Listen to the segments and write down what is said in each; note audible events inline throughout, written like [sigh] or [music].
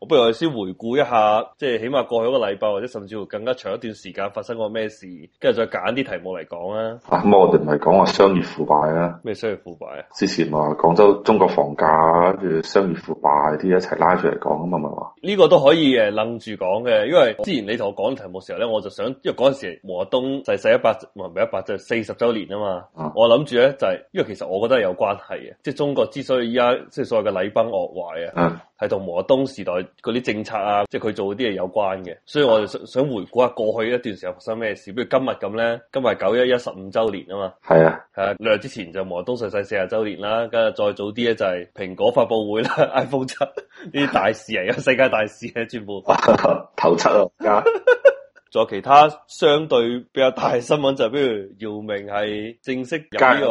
我不如我哋先回顧一下，即係起碼過去一個禮拜，或者甚至乎更加長一段時間發生過咩事，跟住再揀啲題目嚟講啦。啊，咁我哋唔係講話商業腐敗啊。咩商業腐敗啊？之前話廣州中國房價跟住商業腐敗啲一齊拉出嚟講啊嘛，咪話？呢個都可以愣住講嘅，呃、因為之前你同我講題目嘅時候咧，我就想，因為嗰陣時毛澤東就係世，世一百唔係一百，就係、是、四十周年啊嘛。啊我諗住咧就係、就是，因為其實我覺得係有關係嘅，即係中國之所以依家即係所謂嘅禮崩樂壞啊。啊係同毛澤東時代嗰啲政策啊，即係佢做嗰啲嘢有關嘅，所以我哋想想回顧下過去一段時候發生咩事，比如今日咁咧，今日係九一一十五周年啊嘛，係啊，啊，兩日之前就毛澤東逝世四十周年啦，跟住再早啲咧就係蘋果發布會啦 [laughs] ，iPhone 七呢啲大事啊， [laughs] 世界大事啊，全部 [laughs] [laughs] 頭七啊老。 [laughs] 仲有其他相對比較大新聞就係，比如姚明係正式入呢個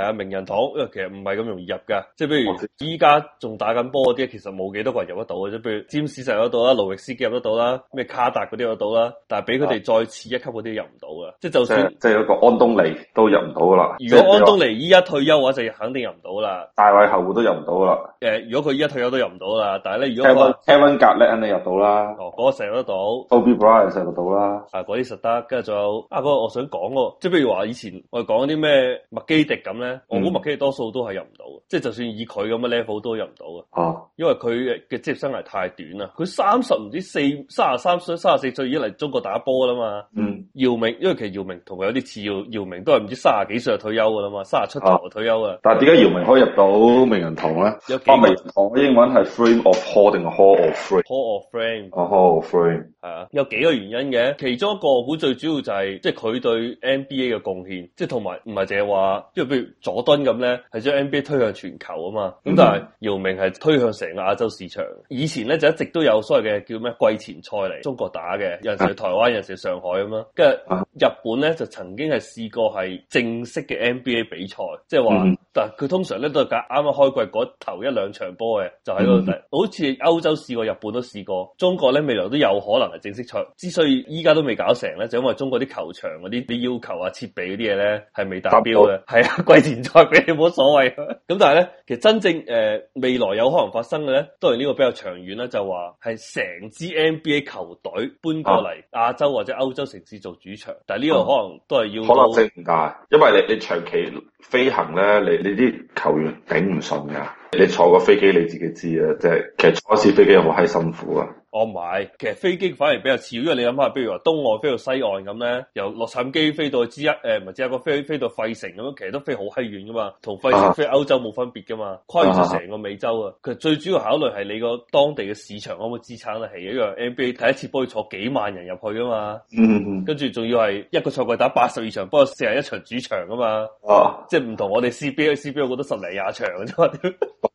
係啊名人堂，因為其實唔係咁容易入噶。即係比如依家仲打緊波啲，其實冇幾多個人入得到嘅啫。比如詹士就入得到啦，勞力斯基入得到啦，咩卡達嗰啲入得到啦。但係俾佢哋再次一級嗰啲入唔到嘅。即係就算即係一個安東尼都入唔到啦。如果安東尼依家退休嘅話，就肯定入唔到啦。大衛後戶都入唔到啦。誒，如果佢依家退休都入唔到啦。但係咧，如果 Kevin 格咧，肯定入到啦。哦，嗰個成得到，o b b r i 成得到。啊，嗰啲實得，跟住仲有啊，嗰個我想講個，即係譬如話以前我哋講啲咩麥基迪咁咧，嗯、我估麥基迪多數都係入唔到嘅，嗯、即係就算以佢咁嘅 level 都入唔到嘅。哦、啊，因為佢嘅職業生涯太短啦，佢三十唔知四三啊三歲三啊四歲已經嚟中國打波啦嘛。嗯，姚明，因為其實姚明同佢有啲似，要姚明都係唔知三啊幾歲就退休噶啦嘛，三啊七就退休啊。以但係點解姚明可以入到名人堂咧？有幾我明，我英文係 frame of hall 定係 hall of frame？hall of frame。啊，hall of frame。係啊，有幾個原因嘅。其中一個好最主要就係，即係佢對 NBA 嘅貢獻，即係同埋唔係淨係話，即係譬如佐敦咁咧，係將 NBA 推向全球啊嘛。咁但係姚明係推向成個亞洲市場。以前咧就一直都有所謂嘅叫咩季前賽嚟，中國打嘅，有時去台灣，有時去上海啊嘛。跟住日本咧就曾經係試過係正式嘅 NBA 比賽，即係話，嗯嗯，但係佢通常咧都係揀啱啱開季嗰頭一兩場波嘅，就喺嗰度。嗯嗯，好似歐洲試過，日本都試過，中國咧未來都有可能係正式賽。之所以依家都未搞成咧，就因為中國啲球場嗰啲啲要求啊、設備嗰啲嘢咧，係未達標嘅。係啊標，季 [laughs] 前賽俾冇所謂。咁 [laughs] 但係咧，其實真正誒、呃、未來有可能發生嘅咧，當然呢個比較長遠啦，就話係成支 NBA 球隊搬過嚟亞洲或者歐洲城市做主場。啊、但係呢個可能都係要可能性唔大，因為你你長期飛行咧，你你啲球員頂唔順噶。你坐過飛機你自己知啊，即係其實坐一次飛機好閪辛苦啊。我唔係，其實飛機反而比較少，因為你諗下，譬如話東岸飛到西岸咁咧，由洛杉磯飛到之一、呃，誒，唔係只係個飛飛到費城咁樣，其實都飛好閪遠噶嘛，同費城、啊、飛歐洲冇分別噶嘛，跨越咗成個美洲啊！其實最主要考慮係你個當地嘅市場可唔可以支撐得起，因為 NBA 睇一次波要坐幾萬人入去噶嘛，嗯嗯、跟住仲要係一個賽季打八十二場，不過四十一場主場噶嘛，哦、啊，即係唔同我哋 CBA，CBA 我覺得十嚟廿場咋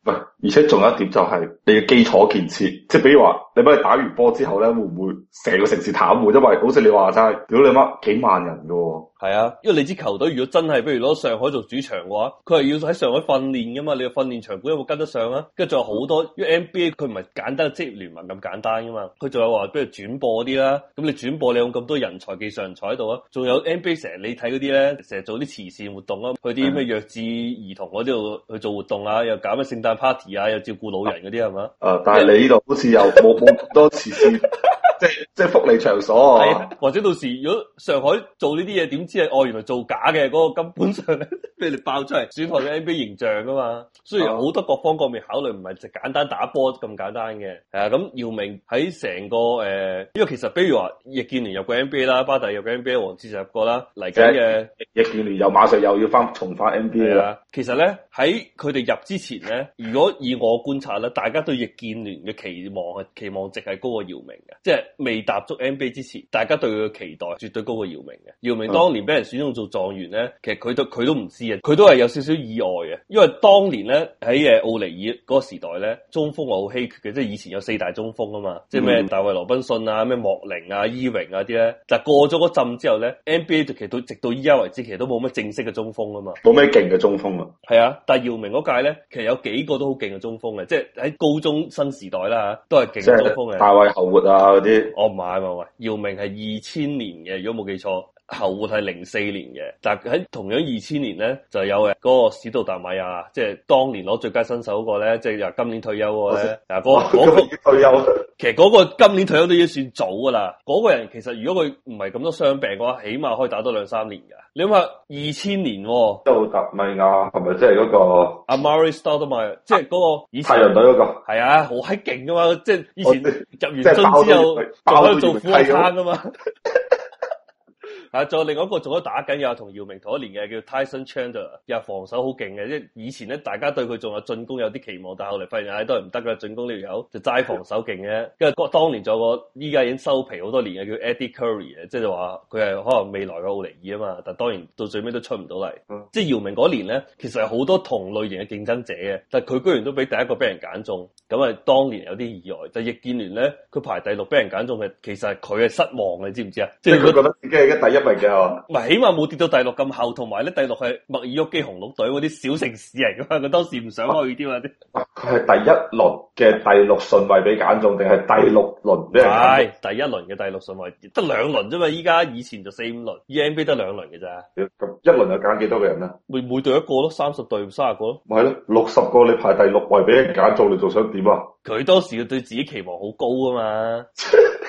[laughs] 唔而且仲有一點就係你嘅基礎建設，即比如話，你俾佢打完波之後咧，會唔會成個城市癱瘓？因為好似你話齋，屌你媽幾萬人嘅喎。係啊，因為你支球隊如果真係，比如攞上海做主場嘅話，佢係要喺上海訓練噶嘛，你嘅訓練場館有冇跟得上啊？跟住仲有好多，因為 NBA 佢唔係簡單嘅職業聯盟咁簡單噶嘛，佢仲有話不如轉播嗰啲啦，咁你轉播你有咁多人才技人、技術人才喺度啊？仲有 NBA 成日你睇嗰啲咧，成日做啲慈善活動啊，去啲咩弱智兒童嗰度去做活動啊，又搞咩聖誕 party 啊，又照顧老人嗰啲係嘛？啊！但係你呢度好似又冇冇咁多慈善。即係福利場所，或者到時如果上海做呢啲嘢，點知係，哦原來做假嘅嗰、那個根本上俾 [laughs] 你爆出嚟損害咗 NBA 形象啊嘛！所以好多各方各面考慮，唔係就簡單打波咁簡單嘅。係啊，咁姚明喺成個誒、呃，因為其實比如話易建聯入過 NBA 啦，巴蒂入過 NBA，王治郅入過啦，嚟緊嘅易建聯又馬上又要重返 NBA 啦。其實咧喺佢哋入之前咧，如果以我觀察咧，大家對易建聯嘅期望係期望值係高過姚明嘅，即係。未踏足 NBA 之前，大家對佢嘅期待絕對高過姚明嘅。姚明當年俾人選中做狀元咧，其實佢都佢都唔知啊，佢都係有少少意外啊。因為當年咧喺誒奧尼爾嗰個時代咧，中鋒係好稀缺嘅，即係以前有四大中鋒啊嘛，即係咩大衛羅賓遜啊、咩莫寧啊、伊榮啊啲咧。但係過咗嗰陣之後咧，NBA 其實到直到依家為止，其實都冇乜正式嘅中鋒啊嘛，冇咩勁嘅中鋒啊。係啊，但係姚明嗰屆咧，其實有幾個都好勁嘅中鋒嘅，即係喺高中新時代啦吓，都係勁中鋒啊，大衛侯活啊啲。我唔係，喂，姚明係二千年嘅，如果冇記錯。侯活係零四年嘅，但喺同樣二千年咧，就是、有嘅個史度達米亞，即、就、係、是、當年攞最佳新手嗰個咧，即係又今年退休嗰個咧。嗱是，嗰嗰、那個退休， [laughs] 那個、其實個今年退休都已經算早噶啦。嗰 [laughs] 個人其實如果佢唔係咁多傷病嘅話，起碼可以打多兩三年噶。你諗下，二千年，史度達米亞係咪即係嗰個阿 Marie s t 瑞斯達多嘛？即係嗰個以前太陽隊嗰個係啊，好閪勁噶嘛！即係以前入完樽之後，仲可以做副餐噶嘛？就是 [laughs] 啊！仲有另外一個仲喺打緊，又同姚明同一年嘅叫 Tyson Chandler，又防守好勁嘅。即以前咧，大家對佢仲有進攻有啲期望，但係後嚟發現唉、啊，都係唔得嘅進攻呢條友，就齋防守勁嘅。跟住的當年仲有個依家已經收皮好多年嘅叫 Eddie Curry 啊，即係話佢係可能未來嘅奧尼爾啊嘛，但係當然到最尾都出唔到嚟。嗯、即係姚明嗰年咧，其實係好多同類型嘅競爭者嘅，但係佢居然都俾第一個俾人揀中，咁係當年有啲意外。就易建聯咧，佢排第六俾人揀中嘅，其實係佢係失望嘅，你知唔知啊？嗯、即係佢覺得自己而家第一。唔係、啊，起碼冇跌到第六咁後，同埋咧第六係墨爾沃基紅鹿隊嗰啲小城市嚟噶嘛？佢當時唔想去添嘛？佢係 [laughs] 第一輪嘅第六順位俾揀中，定係第六輪咩？係、哎、第一輪嘅第六順位，得兩輪啫嘛？依家以前就四五輪，N B A 得兩輪嘅咋？咁一輪就揀幾多個人啊？每每隊一個咯，三十隊三十個咯，咪係咯，六十個你排第六位俾人揀中，你仲想點啊？佢當時佢對自己期望好高啊嘛，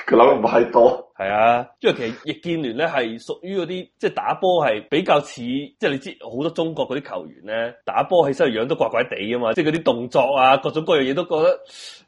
佢諗唔係太多，係啊，因為其實易建聯咧係屬於嗰啲即係打波係比較似，即係你知好多中國嗰啲球員咧打波起身樣都怪怪地啊嘛，即係嗰啲動作啊，各種各樣嘢都覺得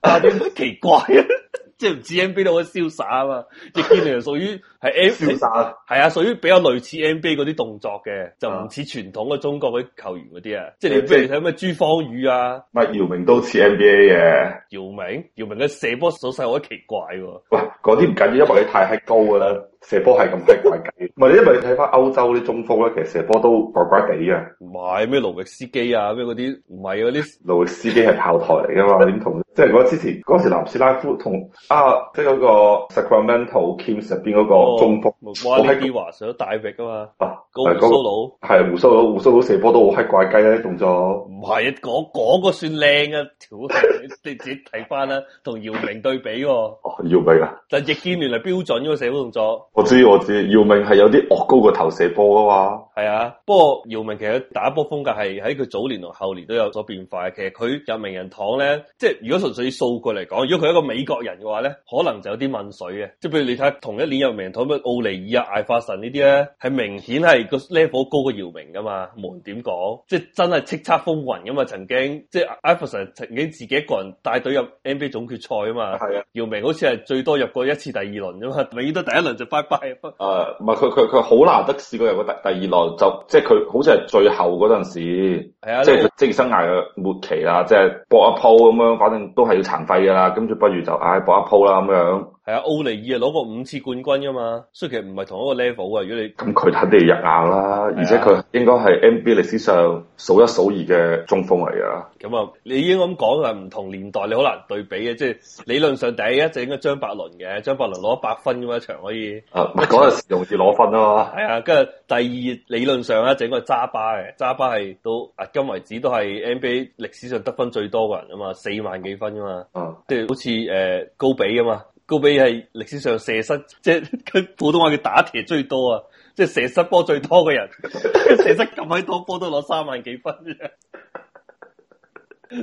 啊點奇怪。 [laughs] [laughs] 即係唔似 NBA 嗰啲瀟灑啊嘛，易建聯屬於係 N，瀟係啊，屬於比較類似 NBA 嗰啲動作嘅，就唔似傳統嘅中國嗰啲球員嗰啲啊，即係你譬如睇咩朱芳雨啊，乜姚明都似 NBA 嘅，姚明姚明嘅射波手勢我都奇怪，喂嗰啲唔緊要，因為你太閪高㗎喇。 [laughs] 射波係咁鬼怪嘅，唔係因為你睇翻歐洲啲中鋒咧，其實射波都怪怪地嘅。唔係咩勞力斯基啊？咩嗰啲唔係嗰啲。勞、啊、力斯基係炮台嚟噶嘛？點同？即係如果之前嗰時南斯拉夫同啊，即係嗰個 Sacramento Kings 入邊嗰個中鋒奧基華想大域啊嘛，啊高斯魯。嗰個係鬍鬚佬，鬍鬚佬射波都好閪怪雞啲、啊、動作唔係啊，嗰嗰個算靚啊，你自己睇翻啦，同姚明對比喎、啊。哦，姚明啊，但係易建聯係標準嘅、這個、射波動作。我知我知，姚明係有啲惡高過頭射波啊嘛。係啊，不過姚明其實打波風格係喺佢早年同後年都有咗變化嘅。其實佢入名人堂咧，即係如果純粹數據嚟講，如果佢係一個美國人嘅話咧，可能就有啲問水嘅。即係譬如你睇下，同一年入名人堂咩奧尼爾啊、艾佛神呢啲咧，係明顯係個 level 高姚明噶嘛，無論點講，即係真係叱咤風雲噶嘛，曾經即係艾佛森曾經自己一個人帶隊入 NBA 總決賽啊嘛，係啊的，姚明好似係最多入過一次第二輪咋嘛，永遠都第一輪就拜拜。誒、啊，唔係佢佢佢好難得試過入過第第二輪，就即係佢好似係最後嗰陣時的即，即係職業生涯嘅末期啦，即係搏一鋪咁樣，反正都係要殘廢噶啦，跟住不如就唉搏、哎、一鋪啦咁樣。係啊，奧尼爾啊，攞過五次冠軍噶嘛，所以其實唔係同一個 level 啊。如果你咁佢肯定入硬啦，的而且佢應該係 NBA 歷史上數一數二嘅中鋒嚟啊。咁啊，你依家咁講啊，唔同年代，你好難對比嘅。即係理論上第一就應該張伯倫嘅，張伯倫攞一百分咁樣場可以。啊，唔係嗰陣時容易攞分啊嘛。係啊，跟住第二理論上咧，就應該揸巴嘅，揸巴係到至今為止都係 NBA 歷史上得分最多嘅人啊嘛，四萬幾分啊嘛。啊、嗯，即係好似誒高比啊嘛。高比係歷史上射失，即係佢普通話叫打鐵最多啊！即係射失波最多嘅人， [laughs] 射失咁鬼多波都攞三萬幾分，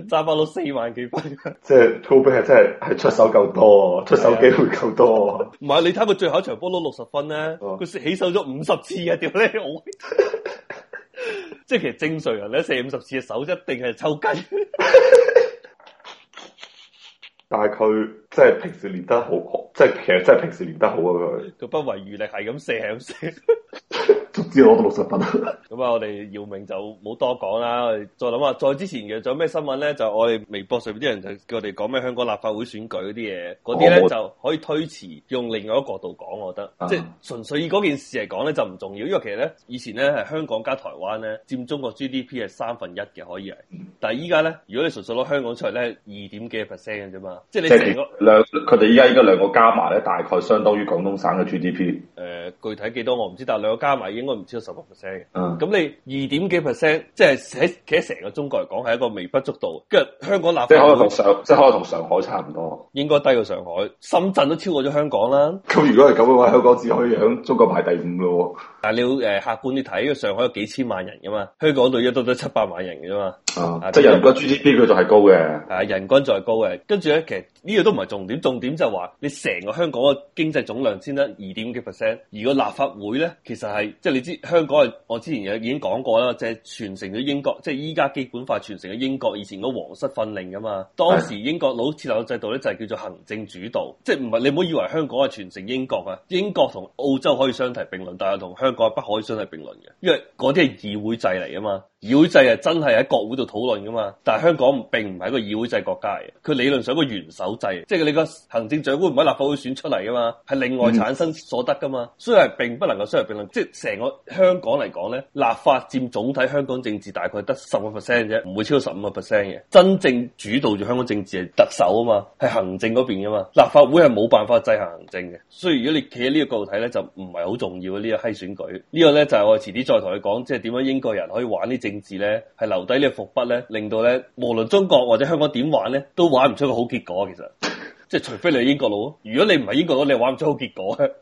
揸返攞四萬幾分。即係高比係真係係出手夠多，出手機會夠多。唔係對、啊、 [laughs] 你睇佢最後一場波攞六十分咧，佢、哦、起手咗五十次啊！屌你我， [laughs] 即係其實正常人咧射五十次嘅手一定係抽筋。但係佢即係平時練得好，即係其實真係平時練得好啊佢。佢不遺餘力，係咁射，係咁射。 [laughs] 直接攞到六十分。咁啊，我哋姚明就冇多講啦。我哋再諗下，再之前嘅仲有咩新聞咧？就是、我哋微博上面啲人就叫我哋講咩香港立法會選舉嗰啲嘢，嗰啲咧就可以推遲，用另外一個角度講。我覺得即係純粹以嗰件事嚟講咧，就唔重要。因為其實咧，以前咧係香港加台灣咧占中國 G D P 係三分一嘅可以啊。嗯、但係依家咧，如果你純粹攞香港出嚟咧，二點幾 percent 嘅啫嘛。嗯、即係你成個兩，佢哋依家依家兩個加埋咧，大概相當於廣東省嘅 G D P。誒、呃，具體幾多我唔知，但係兩個加埋應該唔超過十六 percent 嘅，嗯。咁你二點幾 percent，即係喺企喺成個中國嚟講，係一個微不足道。跟住香港立即可能同上，即係可能同上海差唔多。應該低過上海，深圳都超過咗香港啦。咁如果係咁嘅話，香港只可以響中國排第五咯。但係，啊、你要誒客觀啲睇，因為上海有幾千萬人噶嘛，香港度一都得七百萬人嘅嘛，啊，啊即係人均 GDP 佢就係高嘅，啊，人均就係高嘅。跟住咧，其實呢個都唔係重點，重點就係話你成個香港嘅經濟總量先得二點幾 percent，而個立法會咧其實係即係你知香港係我之前已經講過啦，即係傳承咗英國，即係依家基本法傳承咗英國以前個皇室訓令噶嘛。當時英國佬設立個制度咧就係、是，叫做行政主導，唉即係唔係你唔好以為香港係傳承英國啊，英國同澳洲可以相提並論，但係同香唔可以相提並論嘅，因為嗰啲係議會制嚟啊嘛。議會制係真係喺國會度討論噶嘛，但係香港並唔係一個議會制國家嘅，佢理論上係個元首制，即係你個行政長官唔喺立法會選出嚟噶嘛，係另外產生所得噶嘛，所以係並不能夠深入辯論。即係成個香港嚟講咧，立法佔總體香港政治大概得十個 percent 啫，唔會超過十五個 percent 嘅。真正主導住香港政治係特首啊嘛，係行政嗰邊噶嘛，立法會係冇辦法制衡行政嘅。所以如果你企喺呢個角度睇咧，就唔係好重要嘅呢、這個閪選舉。這個、呢個咧就係、是、我遲啲再同你講，即係點樣英國人可以玩呢政。政治咧係留低呢個伏筆咧，令到咧無論中國或者香港點玩咧，都玩唔出個好結果啊。其實即係 [laughs] 除非你係英國佬，如果你唔係英國佬，你玩唔出好結果啊。